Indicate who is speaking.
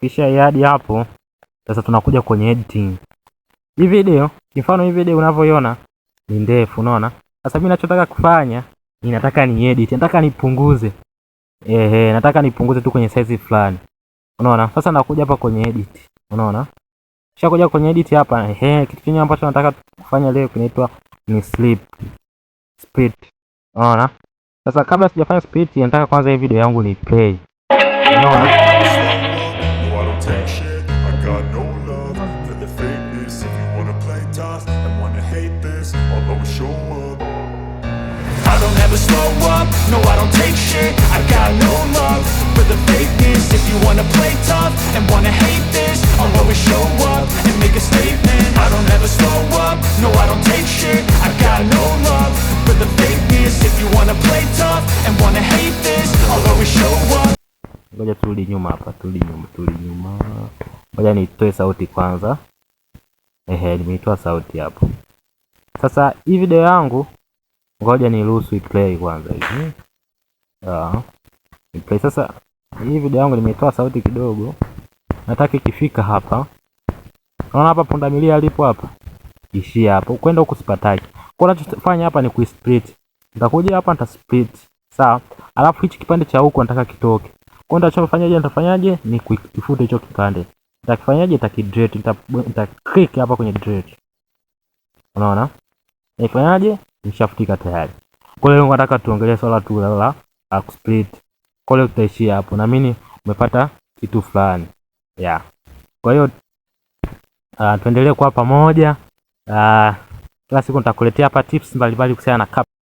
Speaker 1: Kisha yadi hapo, sasa tunakuja kwenye editing. Hii video, mfano hii video unavyoiona ni ndefu, unaona? Sasa mimi ninachotaka kufanya, ninataka ni edit, nataka nipunguze. Ehe, nataka nipunguze tu kwenye size fulani. Unaona? Sasa nakuja hapa kwenye edit. Unaona? Kisha kuja kwenye edit hapa, ehe, kitu kingine ambacho nataka kufanya leo kinaitwa ni sleep speed. Unaona? Sasa kabla sijafanya speed, nataka kwanza hii video yangu ni play. Unaona? show up. I don't ever slow up, no I don't take shit I got no love for the fakeness If you wanna play tough and wanna hate this I'll always show up and make a statement I don't ever slow up, no I don't take shit I got no love for the fakeness If you wanna play tough and wanna hate this I'll always show up Ngoja turudi nyuma hapa, turudi nyuma, turudi nyuma. Ngoja nitoe sauti kwanza. Ehe, nimeitoa sauti hapo. Sasa hii video yangu ngoja niruhusu iplay kwanza hivi. Ah. Iplay sasa hii video yangu nimetoa sauti kidogo. Nataka ikifika hapa. Unaona hapa pundamilia alipo hapa. Ishia hapo. Kwenda huko sipataki. Kwa nachofanya hapa ni kuisplit. Nitakuja hapa nita split. Sawa. Alafu hichi kipande cha huko nataka kitoke. Kwa nitachofanyaje nitafanyaje ni kukifuta hicho kipande. Nitakifanyaje nitakidrate. Nita click hapa kwenye drate. Unaona? Nifanyaje? Nishafutika tayari. Kwa leo nataka tuongelee swala tu la uh, Kwa leo tutaishia hapo. Naamini umepata kitu fulani. Yeah. Kwa hiyo uh, tuendelee kwa pamoja. Uh, kila siku nitakuletea hapa tips mbalimbali kuhusiana na